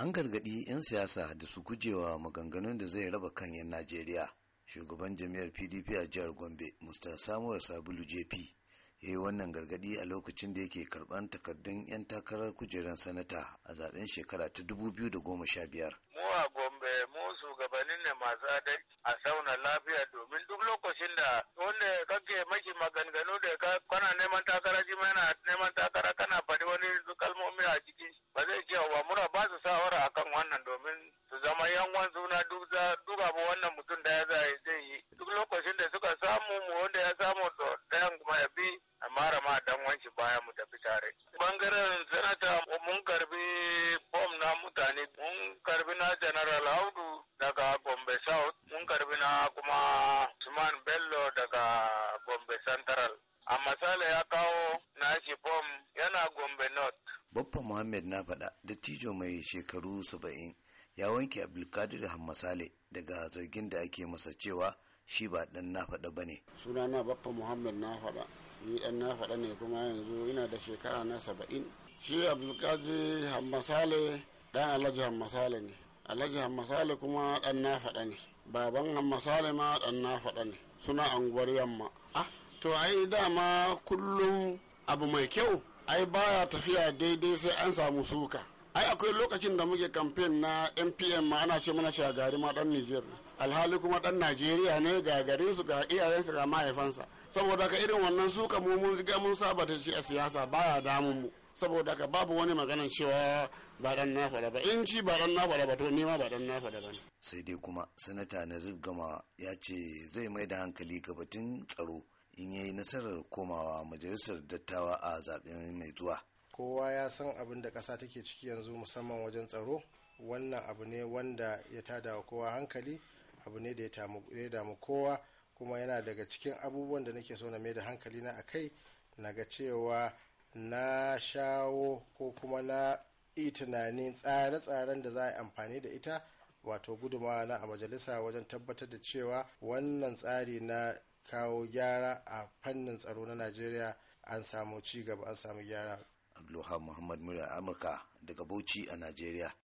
an gargaɗi 'yan siyasa da su gujewa maganganun da zai raba kan 'yan najeriya shugaban jami'ar pdp a jihar gombe mr samuel sabulu jp ya yi wannan gargaɗi a lokacin da yake karɓar takardun 'yan takarar kujerar sanata a zaben shekara ta 2015 mu a gombe mu shugabannin ne masu adalci a sauna lafiya domin duk lokacin da wanda kake maki maganganu da kana neman takara shi yana neman takara kana a ciki ba zai ce wa muna ba su shawara akan wannan domin su zama yan juna duk duk abu wannan mutum da ya zai yi duk lokacin da suka samu mu wanda ya samu dayan kuma ya bi a mara ma dan wanci baya mu tafi tare bangaren sanata mun karbi bom na mutane mun karbi na general audu daga gombe south mun karbi na kuma suman bello daga gombe central a masala ya kawo na shi bom yana gombe Baffa Muhammad na faɗa dattijo mai shekaru saba'in ya wanke Abdulkadir Hammasale daga zargin da ake masa cewa shi ba ɗan na faɗa ba ne. Sunana Baffa Muhammad na faɗa, ni ɗan na faɗa ne kuma yanzu yana da shekara na saba'in. Shi Abdulkadir Hammasale ɗan Alhaji Hammasale ne. Alhaji Hammasale kuma ɗan na faɗa ne. Baban Hammasale ma ɗan na faɗa ne. Suna anguwar yamma. Ah, to ai dama kullum abu mai kyau ai baya tafiya daidai sai an samu suka ai akwai lokacin da muke kamfen na npm ma ana ce mana shagari ma dan niger alhali kuma dan najeriya ne ga garin su ga iyayen su ga mahaifansa saboda ka irin wannan suka mu mun ga mun saba ta shi a siyasa baya damun mu saboda ka babu wani maganan cewa ba dan na faɗa ba in ci ba dan na faɗa ba to ni ma ba dan na faɗa ba sai dai kuma sanata nazib gama ya ce zai mai da hankali ga batun tsaro in yayi nasarar komawa majalisar dattawa a zaben mai zuwa kowa ya san abin da ƙasa take ciki yanzu musamman wajen tsaro wannan abu ne wanda ya tada wa kowa hankali abu ne da ya damu kowa kuma yana daga cikin abubuwan da nake so na mai da hankali na akai na ga cewa na shawo ko kuma na yi tunanin tsare-tsaren da za a yi amfani da ita wato gudumawa na a majalisa wajen tabbatar da cewa wannan tsari na kawo gyara a fannin tsaro na najeriya an samu ci gaba an samu gyara Abdullahi muhammad murya amurka daga bauchi a najeriya